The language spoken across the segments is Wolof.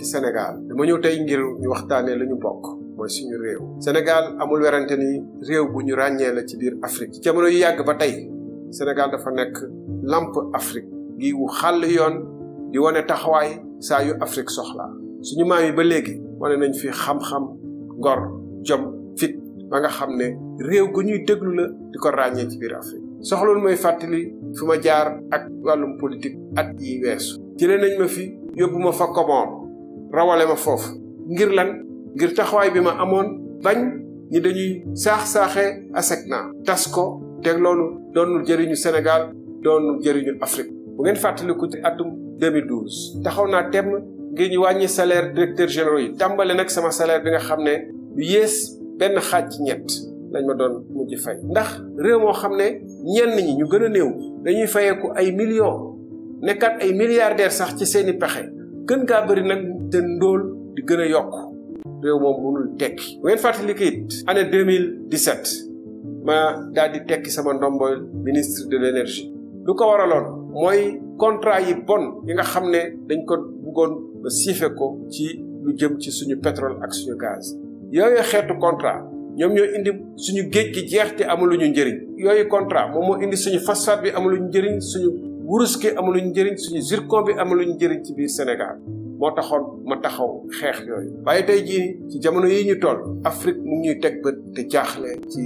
mbokki Sénégal dama ñëw tey ngir ñu waxtaanee lu ñu bokk mooy suñu réew. Sénégal amul werante ni réew bu ñu ràññee la ci biir Afrique. ci jamono yu yàgg ba tey Sénégal dafa nekk lamp Afrique gi wu xàll yoon di wane taxawaay saa yu Afrique soxlaa suñu maam yi ba léegi wane nañ fi xam-xam ngor jom fit ba nga xam ne réew gu ñuy déglu la di ko ràññee ci biir Afrique. soxloon mooy fàttali fu ma jaar ak wàllum politique at yi weesu. jëlee nañ ma fi yóbbu fa komoom rawale ma foofu ngir lan ngir taxawaay bi ma amoon bañ ñi dañuy saax-saaxee ASECNA tas ko teg loolu doonul jëriñu Sénégal doonul jëriñu Afrique bu ngeen fàttaliku ci atum 2012 taxaw naa temm ngir ñu wàññi salaire directeur généraux yi tàmbale nag sama salaire bi nga xam ne lu yées benn xaaj ci ñett lañ ma doon mujj fay ndax réew moo xam ne ñenn ñi ñu gën a néew dañuy fayeeku ay millions nekkaat ay milliardaires sax ci seeni pexe gën gaa bëri nag te ndóol di gën a yokk réew moom mënul tekki bu ngeen fàttali ko it année 2017 ma daal di tekki sama ndomboy ministre de l'énergie lu ko waraloon mooy contrat yi bon yi nga xam ne dañ ko bëggoon ba siife ko ci lu jëm ci suñu pétrole ak suñu gaz yooyu xeetu contrat ñoom ñoo indi suñu géej gi jeex te amuluñu njëriñ yooyu contrat moom moo indi suñu phosphate bi amuluñu njëriñ suñu wurus gi amuluñu njëriñ suñu zircon bi amuluñu njëriñ ci biir Sénégal moo taxoon ma taxaw xeex yooyu waaye tey jii ci jamono yii ñu toll Afrique mu ngi ñuy teg bët te jaaxle ci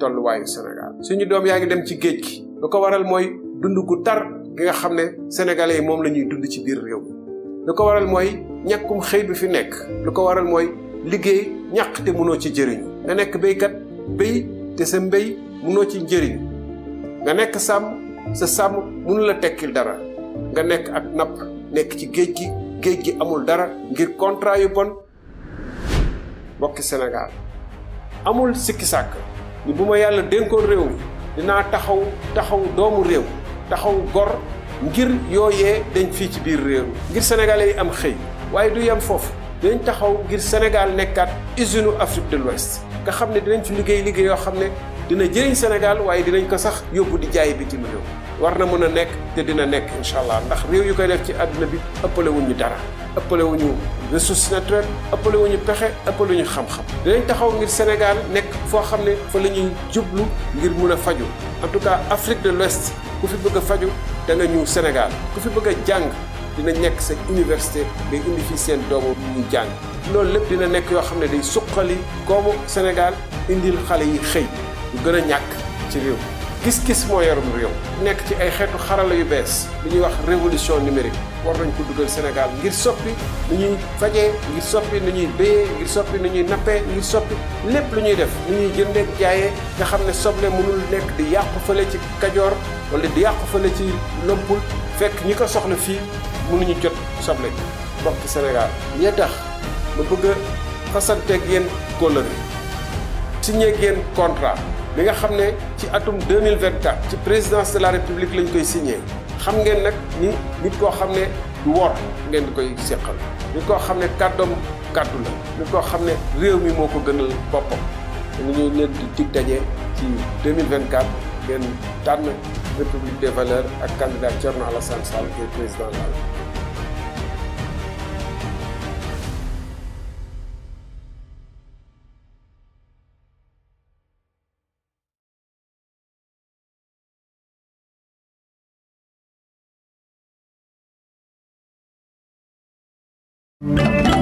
tolluwaayu Sénégal suñu doom yaa ngi dem ci géej gi lu ko waral mooy dund gu tar gi nga xam ne sénégalais yi moom la ñuy dund ci biir réew lu ko waral mooy ñàkkum xëy bi fi nekk lu ko waral mooy liggéey ñàq te mënoo ci jëriñu nga nekk béykat béy te sa mbéy mënoo ci njëriñ nga nekk sàmm sa sàmm mënu la tekkil dara nga nekk ak napp nekk ci géej gi géej gi amul dara ngir contrat yu bon bokki Sénégal amul sikki sàkk ni bu ma yàlla dénkoon réew mi dinaa taxaw taxaw doomu réew taxaw gor ngir yooyee dañ fii ci biir réew ngir sénégalais yi am xëy waaye du yem foofu dañ taxaw ngir Sénégal nekkaat usine Afrique de l'Ouest nga xam ne dinañ ci liggéey liggéey yoo xam ne dina jëriñ Sénégal waaye dinañ ko sax yóbbu di jaay bitim réew war na mën a nekk te dina nekk incha allah ndax réew yu koy def ci àddina bi ëppale wuñu dara ëppale wuñu ressource naturelle ëppale wuñu pexe ëppale wuñu xam-xam dinañ taxaw ngir Sénégal nekk foo xam ne fa la ñuy jublu ngir mun a faju en tout cas Afrique de l'Ouest ku fi bëgg a faju da nga ñëw Sénégal ku fi bëgg a jàng dina nekk sa université day indi fii seen doomu ñuy jàng loolu lépp dina nekk yoo xam ne day suqali koomu Sénégal indil xale yi xëy lu gën a ñàkk ci réew gis-gis moo yorum réew nekk ci ay xeetu xarala yu bees li ñuy wax révolution numérique war nañ ko duggal Sénégal ngir soppi nu ñuy fajee ngir soppi nu ñuy béyee ngir soppi nu ñuy nappee ngir soppi lépp lu ñuy def nu ñuy jënde jaayee nga xam ne soble mënul nekk di yàqu fële ci Kajoor wala di yàqu fële ci Lompul fekk ñi ko soxla fii mënuñu jot soble bokk Sénégal ñee tax ma bëgg a fasanteeg yéen kóllëre signé ak yéen contrat bi nga xam ne ci atum 2024 ci présidence de la république lañ koy siñee xam ngeen nag ni nit koo xam ne du wor ngeen di koy séqal nit koo xam ne kàddoom kàddu la nit koo xam ne réew mi moo ko gënal boppam ñu ngi leen di dig daje ci 2024 ngeen tànn république des valeurs ak candidat Thierno Alassane Sall président la thank you